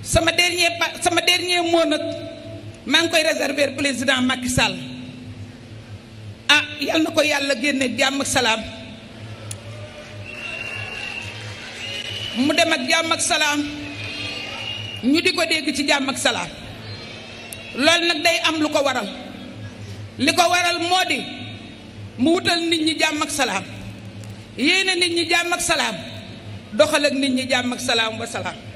sama dernier pa sama dernier mot nag maa ngi koy réserver président Macky Sall ah yal na ko yàlla génne jàmm ak salaam mu dem ak jàmm ak salaam ñu di ko dégg ci jàmm ak salaam loolu nag day am lu ko waral li ko waral moo di mu wutal nit ñi jàmm ak salaam yéene nit ñi jàmm ak salaam doxal ak nit ñi jàmm ak salaam wa salaam.